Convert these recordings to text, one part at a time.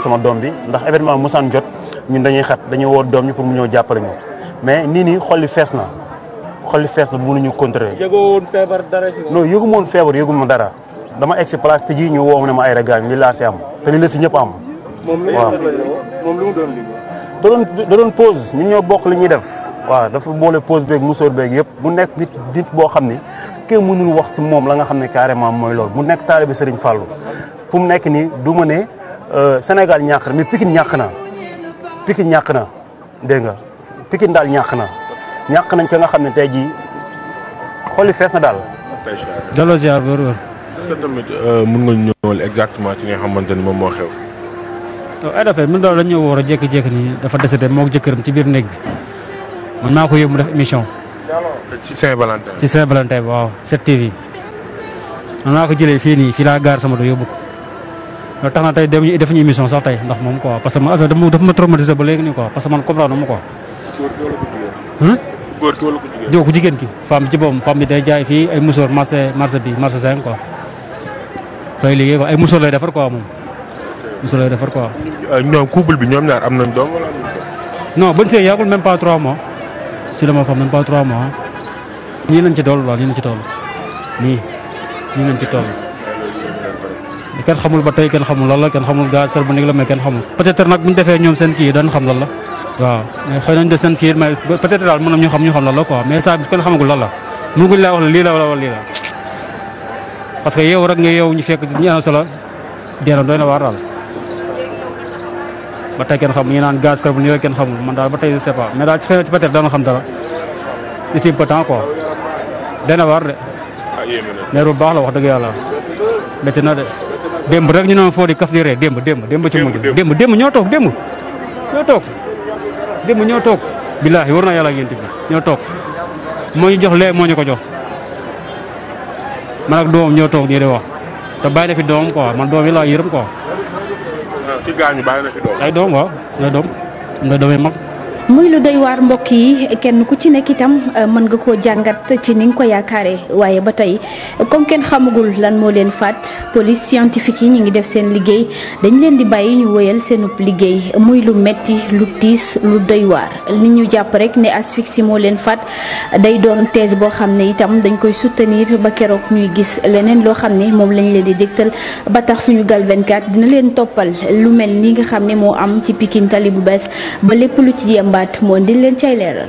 surtout sama doom bi ndax événement mosaan jot ñun dañuy xat dañuy woo doom ñi pour mu ñëw jàppale ñu mais nii nii xolli fees na xolli fees na mënuñu contrôler. yëgoo woon feebar dara ci. non yëgu ma woon dara dama egg si place te ne ma ay ragal li laa si am te li ñëpp am. moom la yëpp mu doon doon da doon bokk li ñuy def. waaw dafa boole pause beeg musóor beeg yëpp mu nekk nit nit boo xam ni kenn mënul wax si moom la nga xam ne carrément mooy loolu mu nekk taalibe Serigne Fallou fu mu nekk nii du ne. Euh, Sénégal ñàkk na mais Pikine ñàkk na Pikine ñàkk na dégg nga Pikine daal ñàkk na ñàkk nañ ko nga xam ne tey jii xoli fees na daal. delloo ziar wër wër. est-ce que tamit euh, mën nga ñëwal xamante ni moom moo xew. donc ay dafay mën daal la ñu war a jékki-jékki nii dafa moo jëkkër jëkkëram ci biir néeg bi man maa ko yóbbu def émission. ci Saint-Valentin. ci Saint-Valentin waaw 7TV man maa ko jëlee fii nii fii laa gaar sama do yóbbu ko. loolu tax na tey dem def ñu émission sax tey ndax moom ko parce que man affaire daf ma traumatisé ba ko nii quoi parce que man ko hmm? jigéen ki femme ci boppam femme bi day jaay fii ay musóor marché marché bi marché cinq quoi. day liggéey quoi ay musóor lay defar ko moom. musóor lay defar quoi. ñoom euh, couple bi ñoom ñaar am nañ doom wala non bañ see yàggul même pas trois mois si la ma femme même pas mois. nii lañ ci toll daal nii lañ ci toll nii nii lañ ci toll. kenn xamul ba tey kenn xamul lan la kenn xamul gaz carbonique la kenn xamul peut nag bu ñu defee ñoom seen kii yi dañ xam la waaw mais xëy nañ de seen kii mais peut-être daal mën na ñu xam ñu xam lan la quoi mais saa bi kenn xamagul lan la mënuñ laa wax lii la wala wala lii la parce que yow rek nga waar daal ba tey kenn xamul ñu naan gaz carbonique la kenn xamul man daal ba tey je daal ci xëy na peut-être dañoo dara ici un peu temps waar de. Ah, mais bu baax la wax dëgg yàlla métti na de. démb rek ñu ne ma foo di kaf di ree démb démb démb ci mujj démb démb ñoo toog démb ñoo toog démb ñoo toog billaahi war na yàlla yéen bi ñoo toog moo jox lee moo ko jox man ak doomam ñoo toog nii di wax te bàyyi na fi doomam quoi man doom yi laa yërëm quoi. Ah, ay doom waaw ay doom am doom yu mag. muy lu doy waar mbokk yi kenn ku ci nekk itam euh, mën nga koo jàngat ci ni nga ko yaakaare waaye ba tey comme kenn xamagul lan moo leen faat police scientifique yi ñu ngi def seen liggéey dañ leen di bàyyi ñu wéyal seenub liggéey muy lu metti lu tiis lu doy waar li ñu jàpp rek ne asphyxie moo leen faat day doon tees boo xam ne itam dañ koy soutenir ba keroog ñuy gis leneen loo xam ne moom lañ leen di dégtal ba tax suñu GAL 24 dina leen toppal lu mel ni nga xam ne moo am ci Pikine bu bees ba lépp lu ci yemba Faat moo indi leen cay leeral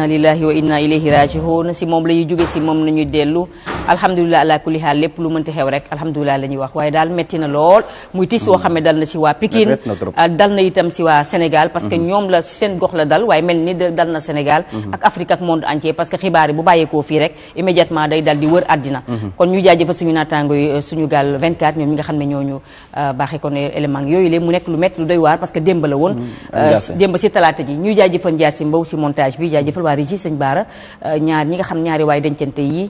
inna lillahi wa inna ilayhi raji'un si moom la ñuy jóge si moom la ñuy dellu alhamdulilah ala kulli haal lépp lu mënti xew rek alhamdulilah la ñuy wax waaye daal métti na lool muy tiis woo xam ne dal na ci waa Pikine ah, dal na itam si waa Sénégal parce que mhm. ñoom la seen gox la dal waaye mel ni dal na Sénégal mhm. ak Afrique ak monde entier parce que xibaar yi bu bàyyeekoo fii rek immédiatement day dal di wër àddina mhm. kon ñu jaajëfal suñu naataango yi euh, suñu gaal 24 ñoom ñi nga xam ne ñooñu euh, baaxee kon euh, élément yooyu léeg mu nekk lu métti lu doy waar que démb la woon démb ji ñuy jaajëfal Ndiassi Mbow si montage bi jaajëfal waa régie sëñ Baara ñaar ñi nga xam ñaari waaye dencante yi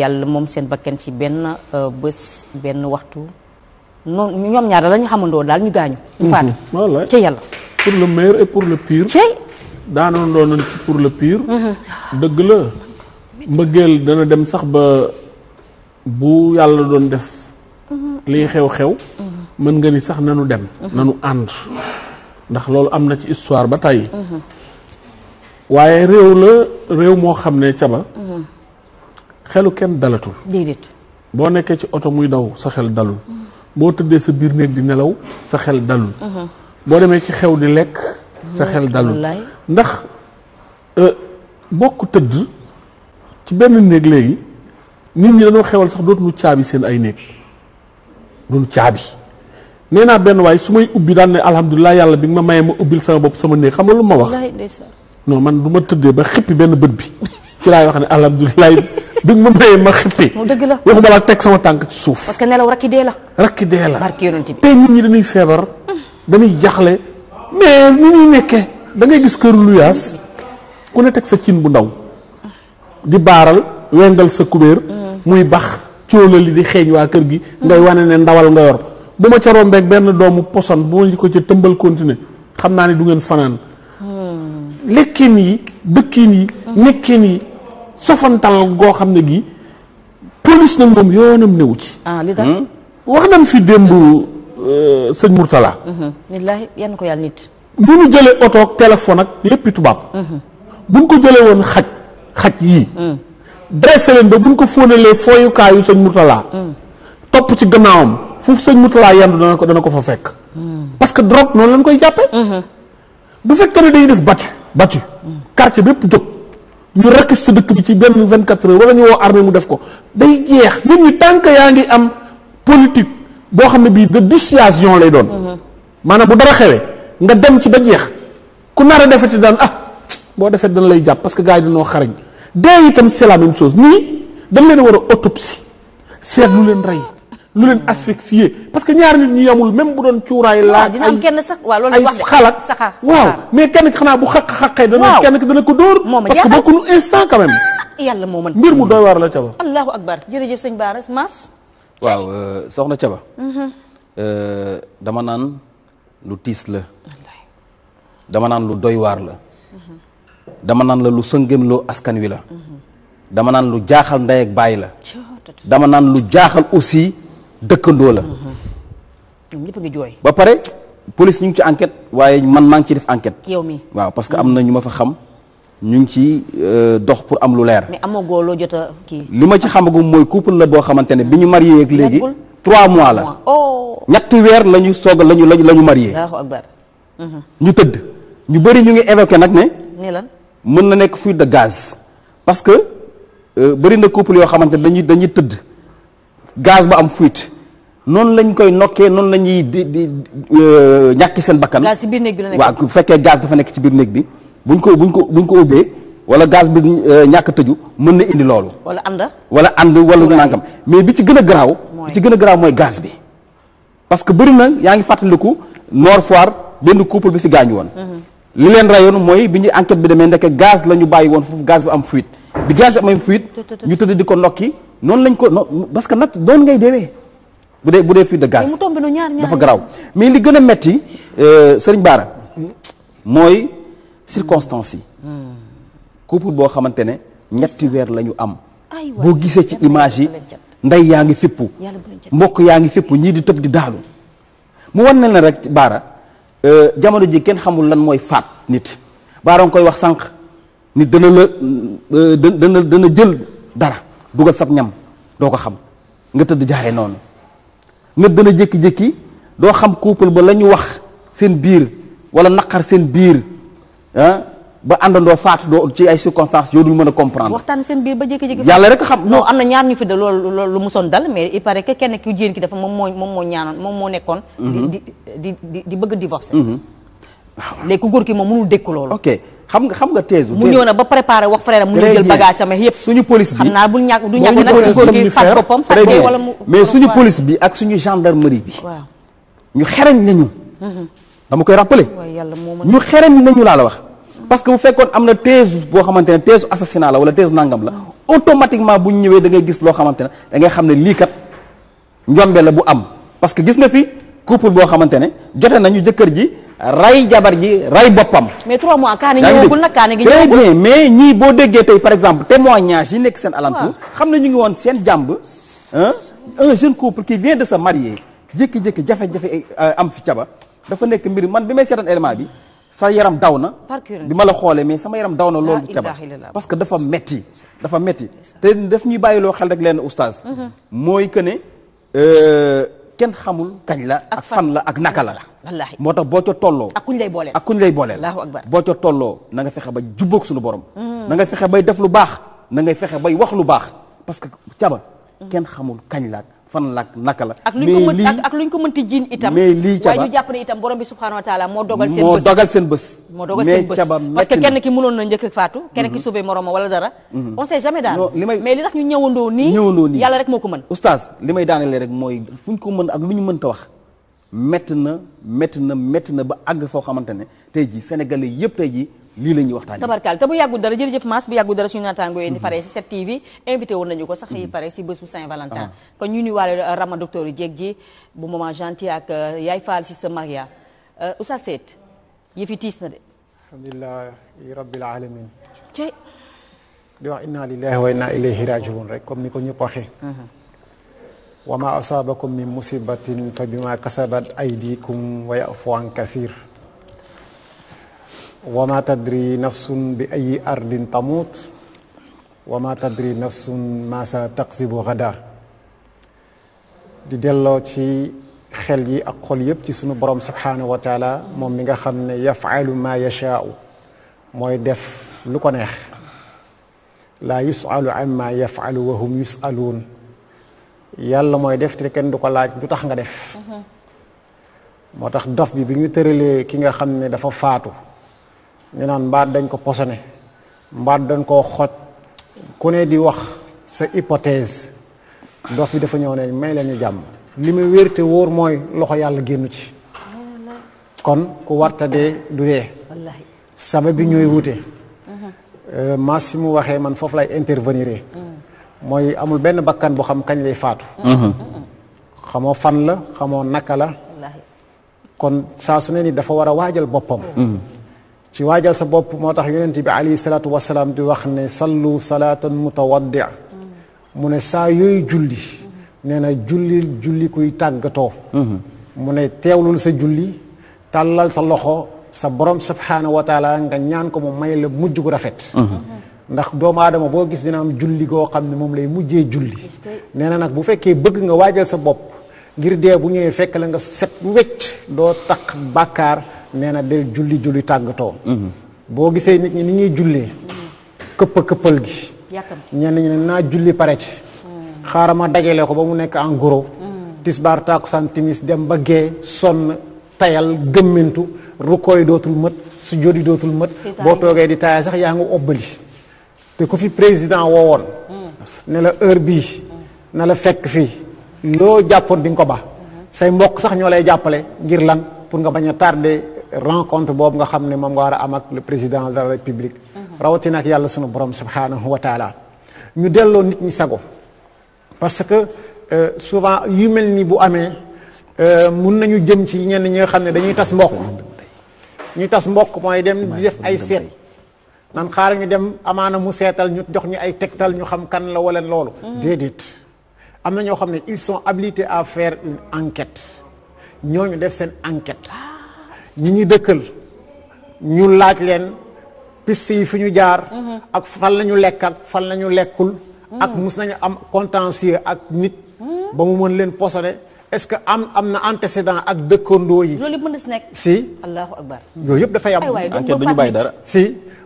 yàlla yàlla moom seen bakkan ci benn euh, bés benn waxtu noonu ñoom ñaar la ñu xamandoo daal ñu gaañu. ñu mhm. faatu ca yàlla. pour le meilleur et pour le pire. cey daanandoo nañ ci pour le pire. Mhm. dëgg la mbëggeel dana dem sax ba bu yàlla doon def. Mhm. liy xew-xew. mën nga ni sax nanu dem. nanu ànd ndax loolu am na ci histoire ba tey. waaye réew la réew moo xam ne ca xelu kenn dalatul. déedéet. boo nekkee ci oto muy daw sa xel dalul. boo tëddee sa biir néeg di nelaw sa xel dalul. Uh-huh. boo demee ci xew di lekk. sa hmm, xel dalul ndax euh, bokk tëdd ci benn néeg léegi nit ñi dañoo xewal sax dootuñu caabi seen ay néeg duñu caabi nee naa benn waay su may ubbi daan ne alhamdulilah yàlla bi nga ma mayee ma ubbil sama bopp sama néeg xam nga lu ma wax. non man du ma tëddee ba xippi benn bët bi ci laay wax ne alhamdulilah. bi ma mayee ma xippi. dëgg la teg sama tànk ci suuf. parce que nelaw rakki dee la. rakki dee la barke yonent bi. tey nit ñi dañuy feebar dañuy jaxle mais ni ñuy nekkee dangay ngay gis këru luyaas ku ne teg sa cin bu ndaw di baaral wengal sa kubéer muy bax cóolal li di xeeñ waa kër gi ngay wane ne ndawal nga yor bu ma ca rombeek benn doomu poson bu ma ko ca tëmbal continuer xam naa ne du ngeen fanaan hmm. lekkin yi dëkkin yi nekkin yi sofantal goo xam ne gi police nag moom yoonam newu ci. ah li tax hmm? wax nañ fi démb euh, sëñ Mourtala. Hmm, wallaahi yan ko yàlla nit. bu ñu jëlee oto ak téléphone ak yéppi tubaab. Hmm. bu ñu ko jëlee woon xaj xaj yii. dressé leen ba bu ñu ko fóonalee fooyukaayu sëñ Mourtala. topp ci gannaawam foofu sëñ Mourtala yendu dana ko dana ko fa fekk. parce que drogue noonu lañ koy jàppee. bu fekkee ne dañuy def battu battu quartier bépp jóg. ñu rakk sa dëkk bi ci benn vingt quatre heures wala ñu woo armée mu def ko day jeex nit ñi tànk yaa ngi am politique boo xam ne bii de dissuasion lay doon mhm. maanaam bu dara xewee nga dem ci ba jeex ku nar a defeti daan ah boo defee dana lay jàpp parce que gars yi dañoo xarañ dee itam c'est la même chose nii dañ leen war a autopsie seetlu leen rey lu leen asphyxier parce que ñaar nit ñu yamul même bu doon cuuraay laaj ay ay xalaat waaw mais kenn ki xanaa bu xaq xaqee dana kenn ki dana ko dóor parce que bokkuñu instant quand yàlla moo mën mbir mu doy waar la Thiaba allahu akbar jërëjëf sëñ Bara Mass waaw euh, soxna Thiaba mhm. euh, dama naan lu tiis la dama naan lu doy la mhm. dama naan la lu sëngëm loo askan wi la mhm. dama naan lu jaaxal ndey bàyyi la dama naan lu jaaxal aussi dëkkandoo la. ñoom ñëpp ba pare police ñu ngi ci enquête waaye man maa ngi ciy def enquête. yow mi waaw parce que am mm-hmm. na ñu ma fa xam ñu ngi ci euh, dox pour am lu leer. mais amoo góor jot kii. li ma ci xamagum mooy couple la boo xamante ne bi ñu marie ak léegi. trois mois la oh. ñetti weer la ñu lañu la ñu la ñu marié. Mm-hmm. ñu tëdd. ñu bëri ñu ngi évoqué nag ne. ni lan mën na nekk fuite de gaz. parce que euh, bëri na couple yoo xamante ne dañuy dañuy tëdd gaz ba am fuite. noonu lañ koy nokkee noonu la ñuy di di euh, ñàkk seen bakkan. gaz ci biir néeg bi bu fekkee gaz dafa nekk ci biir néeg bi buñ ko buñ ko buñ ko ubbee wala gaz bi euh, ñàkk tëju mën na indi loolu. wala ànd. wala ànd wala nangam mais bi ci gën a garaaw. bi ci gën a garaaw mooy gaz bi. parce que bëri na yaa ngi fàttaliku Nord Foire benn couple bi fi gaañu woon. Mhm. li leen rayoon mooy bi ñuy enquête bi demee ndeke gaz la ñu bàyyi woon foofu gaz bi am fuite bi gaz bi am fuite. ñu tëdd di ko nokki noonu lañ ko parce que nag doon ngay deewee. bu dee bu dee fuite de gaz dafa garaw mais li gën a metti euh, sëriñ Baara mooy circonstances yi hmm. couple boo xamante ne ñetti weer lañu ñu am boo gisee ci image yi ndey yaa ngi fippu mbokk yaa ngi fippu ñii di tëb di daalu mu wan ne la rek Baara euh, jamono ji kenn xamul lan mooy faat nit Baara nga koy wax sànq nit dana la euh, dana dana jël dara dugal sab ñam doo ko xam nga tëdd jaaree noonu nit dana jékki-jékki doo xam couple ba la ñu wax seen biir wala naqar seen biir ah ba àndandoo faatu doo ci ay circonstances yoo dul mën a comprendre. waxtaan seen biir ba jékki-jékki. yàlla rek xam non am na ñaar ñu fi de loolu lu musoon dal mais il paraît que kenn ki jigéen ki dafa moom moo moom moo ñaanoon moo nekkoon. Mhm. di di di di bëgg a divorcer. Mhm. léegi ku góor ki moom mënul dékku loolu. xam nga xam nga teesu mu ñëw na ba préparé wax frère mu ñu jël bagage sama yëpp suñu police bi xam naa bu ñàkk du ñàkk nag góor gi fat boppam fat bee wala mu mais suñu police bi ak suñu gendarmerie bi ñu xereñ nañu dama koy rappelé ñu xereñ nañu laa la wax parce que bu fekkoon am na teesu boo xamante ne teesu assassinat la wala teesu nangam la automatiquement bu ñu ñëwee dangay gis loo xamante ne da xam ne lii kat njombe la bu am parce que gis nga fi couple boo xamante ne jote ñu jëkkër ji ray jabar ji ray boppam. mais 3 mois kaani ñëwagul nag kaani mais ñii boo déggee tey par exemple témoignage yi nekk seen alentour. xam ne ñu ngi woon seen jàmb. un jeune couple qui vient de sa marier jékki-jékki jafe-jafe euh, am fi caba dafa nekk mbir man bi may seetaan élément bi sa yaram daw na. bi ma la xoolee mais sama yaram daw na loolu. caba parce que dafa metti dafa metti te daf ñuy loo xel rek leen oustaz. Mhm. mooy que ne. Euh, kenn xamul kañ la ak fan la ak naka la wallaahi moo tax boo ca tolloo ak kuñ lay booleel ak kuñ lay booleel allahu boo ca tolloo na nga fexe ba jubboog suñu borom mm. na nga fexe bay def lu baax na ngay fexe bay wax lu baax parce que caba mm. kenn xamul kañ la mais wa taala moo dogal seen bës moo dogal seen bës. moo dogal seen bës parce que kenn ki mënoon na njëkk faatu. kenn ki mhm. sauvé mhm. li tax ñu ñëwandoo nii. ñëwandoo nii yàlla rek moo ko mën. oustaz li may daanelee rek mooy fu ñu ko mën ak lu ñu mënta wax. métti na métti ba àgg foo xamante ne tey jii sénégalais yëpp tey jii lii la ñuy waxtaanee tabarkaal te bu yàggu dara jërëjëf Mass bu yàggu dara suñu naataangoo yi di faree si 7TV invité woon nañu ko sax yi pare si bés bu Saint-Valentin ah. kon ñu nuyuwaale euh, Rama docteur euh, sa Maria euh, Oustaz Seet yëfi tiis na de alhamdulilah rabbil alamin ci di wax inna lillahi wa inna ilayhi rajiun rek comme ni ko ñëpp waxee uh-huh. wa ma asabakum min musibatin fa bima kasabat aydikum wa an kasir wa ma tadri nafsun bi ay ardin tamut wa ma tadri nafsun ma sa taqsibu gada di delloo ci xel yi ak xol yëpp ci sunu borom subhanahu wa moom mi nga xam ne yafalu ma yashaau mooy def lu ko neex laa yusalu amma yafalu wa hum yusaluun yàlla mooy def te kenn du ko laaj lu tax nga def mm-hmm. moo tax dof bi bi ñu tëralee ki nga xam ne dafa faatu ñu naan mbaat dañ ko posone mbaat dañ koo xoj ku ne di wax sa hypothèse dof bi dafa ñëw ne may la ñu jàmm li ma wér te wóor mooy loxo yàlla génnu ci kon ku warta dee du dee sama bi ñooy wute mas mhm. euh, si mu waxee man foofu lay intervenir mm. mooy amul benn bakkan bu xam kañ lay faatu mm. Mm. xamoo fan la xamoo naka la kon saa su ne ni dafa war a waajal boppam ci waajal sa bopp moo tax yonent bi alayhi salaatu wasalaam di wax ne sallu salaatan mutawaddia mu ne saa yooyu julli nee na julli julli kuy tàggatoo mu ne teewlul sa julli tàllal sa loxo sa borom subhaanahu wa taala nga ñaan ko mu may la mujj ku rafet ndax doomu aadama boo gis dina am julli goo xam ne moom lay mujjee julli nee na nag bu fekkee bëgg nga waajal sa bopp ngir dee bu ñëwee fekk la nga set wecc doo taq bàkkaar nee na del julli julli tàggatoo. Mhm. boo gisee nit ñi ni ñuy jullee. Mhm. këpp këppal gi. ñenn ñi ne naa julli pare ci. Mhm. xaaral ma dajale ko ba mu nekk en gros. tisbaar tàkkusaan timis dem ba gee sonn tayal gëmmintu rukkooy dootul mët su jódi dootul mët. boo toogee di taaya sax yaa ngi obbali. te ku fi président woowoon. ne heure bii. na fekk fi loo jàppoon di nga say mbokk sax ñoo lay jàppale ngir lan pour nga bañ a tardé. rencontre boobu nga xam ne moom nga war a am ak le président de la république mhm. rawatina ak yàlla sunu borom subhanahu wa taala ñu delloo nit ñi sago parce que euh, souvent yu mel nii bu amee euh, mun nañu jëm ci ñenn ñi xam ne dañuy tas mbokk ñuy tas mbokk mooy dem di def ay seet nan xaaral ñu dem amaana mu seetal ñu jox ñu ay tegtal ñu xam kan la wala loolu mhm. déedéet am na ñoo xam ne ils sont habilités à faire une enquête ñu def seen enquête ah. ñi ñuy dëkkal ñu laaj leen piste yi fu ñu jaar. Mhm. ak fan la ñu lekk ak fan la ñu lekkul. Mhm. ak mus nañu am contentieux ak nit. Mhm. ba mu mën leen posone est-ce que am am na antécédent ak dëkkandoo yi. loolu mën na si nekk. si. allahu akbar yooyu yëpp dafay am. dara si.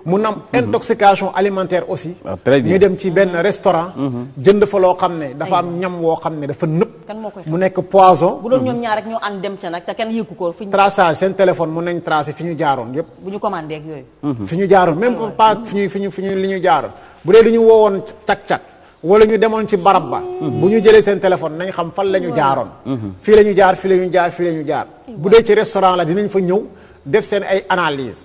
mun nam mhm. intoxication alimentaire aussi. Ah, ñu dem ci benn restaurant. Mhm. jënd fa loo xam ne dafa am ñam woo xam ne dafa nëpp. mu nekk poison. bu doon ñoom mhm. ñaar rek ñoo ànd dem ca nag kenn yëgu ko. traçage seen téléphone mun nañ tracé fu ñu jaaroon yëpp. bu ñu commandé ak yooyu. ñu jaaroon même pas fi ñuy fi ñu fi ñu li ñu jaar bu dee lu ñu woowoon cak-cak. wala ñu demoon ci barab ba. bu ñu jëlee seen téléphone nañ xam fan la ñu jaaroon. fii la ñu jaar fii la ñu jaar fii la ñu jaar. bu dee ci restaurant la dinañ fa ñëw def seen ay analyse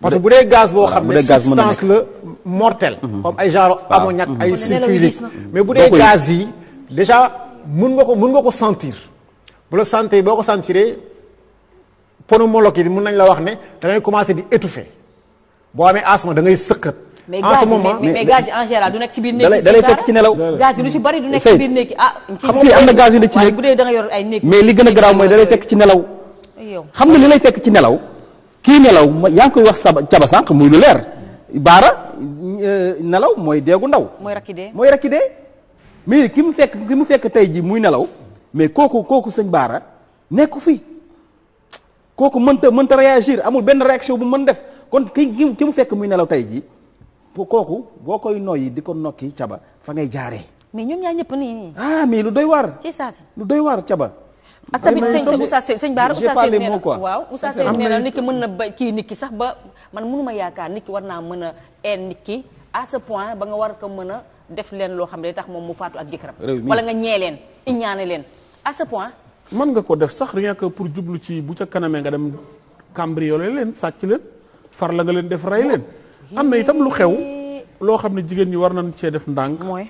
parce que bu dee gaz boo xam ne substance la mortelle. Mhm. comme ay genre ammoniac ay sulfurique mais bu dee gaz yi déjà mun nga ko mun nga ko sentir bu la santé boo ko sentiree pneumologue yi mun nañ la wax ne da ngay commencer di étouffer boo amee asthme da gaz yi en ci biir néeg da lay fekk ci ah, ne dee da yor ay néeg mais li gën a garaaw mooy da lay fekk ci nelaw. xam nga li lay fekk ci nelaw. kii nelaw yaa ngi koy wax saba caba sànq muy lu leer baara euh, nelaw mooy deegu ndaw. mooy rakki de mooy rakki dee mais ki mu fekk ki mu fekk tey ji muy nelaw mais kooku kooku sëñ baara nekku fi kooku mënta mënta réagir amul benn réaction bu mën def kon ki ki mu fekk muy nelaw tey ji kooku boo koy noyyi di ko nokki caba fa ngay jaaree. mais ah, lu doy waar. ci lu doy waar caba. ak ah, tamit sëñ Oustaz Sène sëñ Baara Oustaz Sène nee na waaw Oustaz Sène nee na nit ki mën na ba kii nit ki sax ba man mënuma yaakaar nit war naa mën a een nit ki à ce point ba nga war ko mën a def leen loo xam ne tax moom mu faatu ak jëkkëram wala nga ñee leen iñaane leen à ce point mën nga ko def sax rien pour jublu ci bu ca kanamee nga dem cambriolé leen sàcc leen far la nga leen def rey leen am na itam lu xew loo xam ne jigéen ñi war nañ cee def ndànk mooy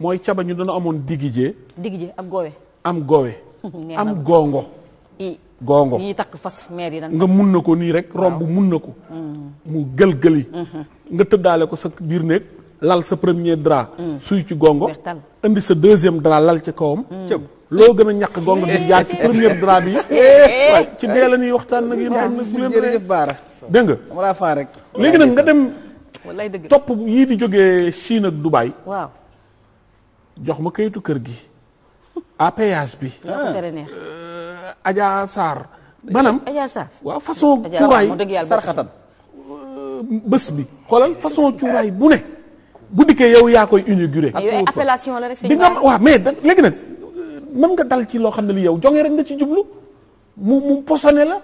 mooy caba ñu dana amoon digijee digijee am goowe am goowe am gongo. gongo ñiy takk fas meer yi nga mun na ko nii rek romb mun na ko. Mm. mu gël gëli. Mm-hmm. nga tëddaale ko sa biir néeg lal sa premier drap. Mm. suy ci gongo. indi sa deuxième drap lal ci kawam. Mm. loo gën a ñàkk gongo bi yaa ci premier drap bi. Eh, ci dee la ñuy waxtaan nag yéen xam ne bu leen jërëjëf baara. dégg nga dama rek. léegi nag nga dem. topp yii di jógee Chine ak Dubaï. waaw jox ma kayitu kër gi. à péage bi. Adja Sarr. maanaam Adja Sarr waaw façon. cuuraay sarxatan euh, bés bi. xoolal façon cuuraay bu ne. bu dikkee yow yaa koy inauguré. yooyu appellation la rek bi nga waa mais léegi nag euh, mën nga dal ci loo xam ne li yow jonge rek nga ci jublu mu mu posone la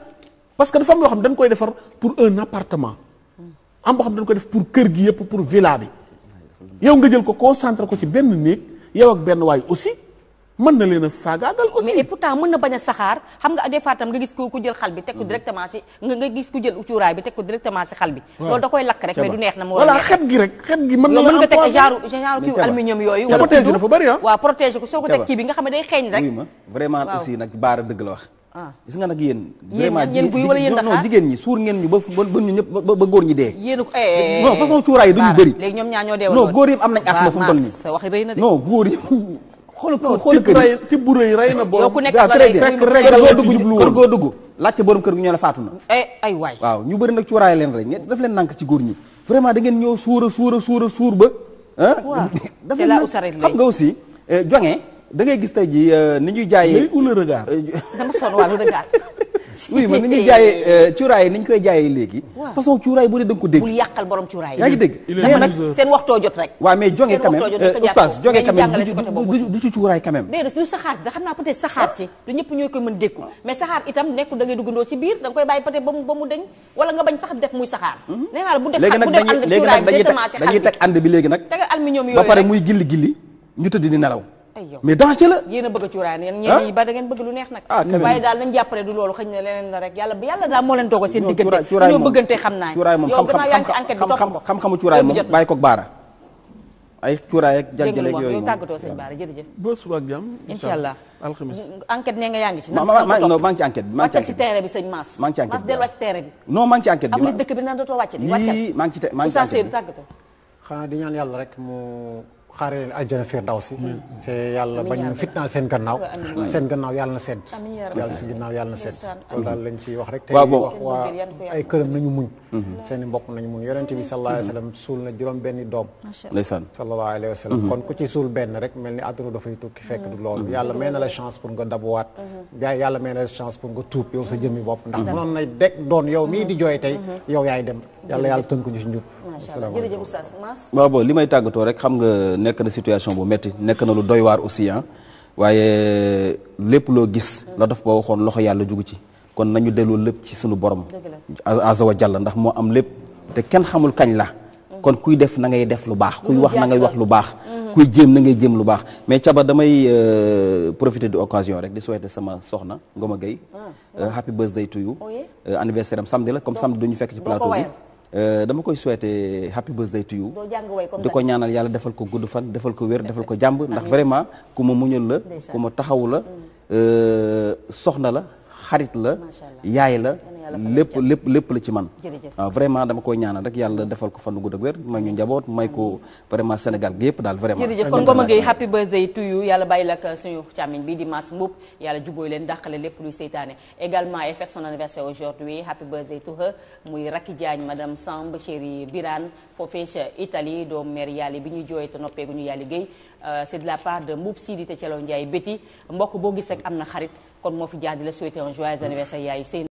parce que dafa am loo xam ne dañ koy defar pour un appartement am boo xam ne koy def pour kër gi yëpp pour villa bi yow nga jël ko concentré ko ci benn néeg yow ak benn waay aussi. man na leen a faagaagal aussi mais et mën na bañ a saxaar xam nga des fois tam nga gis ku jël xal teg ko mm-hmm. directement si nga gis ku jël cuuraay bi teg ko directement si xal bi da koy lakk rek du neex na mu war a neex xet gi rek xet nga teg day xeeñ rek vraiment aussi nag baara dëgg wax ah nga nag yéen vraiment non jigéen ñi suur ngeen ñu ba ba ñu ñëpp ba eh, eh, eh, am nañ asma fu mu nii non góor yëpp xool ko xool ko bu rey na borom ku nekk la rey kër goo dugg laajte borom kër gu ñoo la faatu na eh, ay waay waaw ñu bëri nag ci waraay leen rek daf leen nànk ci góor ñi vraiment da ñëw suur a suur a suur a suur ba ah daf leen xam nga aussi eh, joŋee da ngay gis tey ji eh, ni ñuy jaayee dama sonn wàllu regard oui man ni ñuy euh, cuuraay ni ñu koy jaayee léegi. façon cuuraay bu ne da nga ko dégg. bul yàqal borom cuuraay yaa ngi dégg. seen waxtoo jot rek. waaw mais jonge quand même euh, oustaz jonge quand même du ci cuuraay quand même. du saxaar si da xam naa peut saxaar si du ñëpp ñooy koy mën dékku ah. mais saxaar itam nekkul da ngay duggandoo si biir da nga koy bàyyi peut être ba mu ba mu deñ wala nga bañ sax def muy saxaar. Mm-hmm. nee naa la bu def bu def ànd cuuraay directement si xar bi dañuy teg ànd bi léegi nag. tegal aluminium mais danger la yéen a bëgg a cuuraan yéen ñenn ah. ñi ba da ngeen bëgg lu neex nag ah, waaye daal nañ jàppale du loolu xëñ na leneen la rek yàlla yàlla daal moo seen diggante ñoo bëggante xam naa yow gannaaw yaa ngi ci enquête bi topp xam-xamu ko baara ay cuuraay ak jagjaleeg yooyu moom tàggatoo baara jërëjëf boo suba ak jàmm incha nee nga yaa ngi ci non maa ci enquête bi maa bi wàccal ci terrain Maas maa ngi ci bi dellu wàcc ci enquête bi am dëkk bi xaare leen àjjana firdawsi te yàlla bañ ñu fitnaal seen gannaaw seen gannaaw yàlla na sedd yàlla si ginnaaw yàlla na sedd loolu daal lañ ciy wax rek te wax waa ay këram nañu muñ mhm. seen i mbokk nañu muñ yonente suul na juróom benni doom ndeysaan sallallahu alayhi wa sallam mhm. kon suul benn rek mel ni àdduna dafay tukki fekk du mhm. loolu yàlla may la chance pour nga dabuwaat gaa yàlla may na la chance pour nga tuub yow sa jëmmi bopp ndax mënoon na dekk doon yow mii di jooy tey yow yaay dem yàlla yàlla tënk ñu si njub. macha allah li may tàggatoo rek xam nga nekk na situation bu metti nekk na lu doy waar aussi ah waaye lépp loo gis. la def ba waxoon loxo yàlla jugu ci. kon nañu delloo lépp ci suñu borom. azza wa ndax moo am lépp. te kenn xamul kañ la. kon kuy def na ngay def lu baax. kuy wax na ngay wax lu baax. kuy jéem na ngay jéem lu baax mais caba damay euh, profiter de occasion rek di souhaiter sama soxna Ngoma Gueye ah, euh, happy birthday to you euh, anniversaire am samedi la comme samedi duñu fekk ci plateau Euh, dama koy souhaiter happy birthday to you di ko ñaanal yàlla defal ko gudd fan defal ko wér defal ko jàmb ndax vraiment ku ma muñal la ku ma taxaw la mm. euh, soxna la xarit la yaay la lépp lépp lépp la ci man waaw ah, vraiment dama koy ñaanal rek yàlla defal ko fanu gudd ak wér may ñu njaboot may ko vraiment Sénégal gi yëpp daal vraiment jërëjëf kon Ngoma Gueye happy birthday to yàlla bàyyi la ak suñu càmmiñ bi di Mass yàlla jubóoy leen dàqale lépp luy seytaane également elle fête son anniversaire aujourd'hui happy birthday to muy Raki Diagne madame Samb chérie Birane foofee Italie doomu mère yàlla bi ñuy jooy noppeegu ñu yàlla géey euh, c'est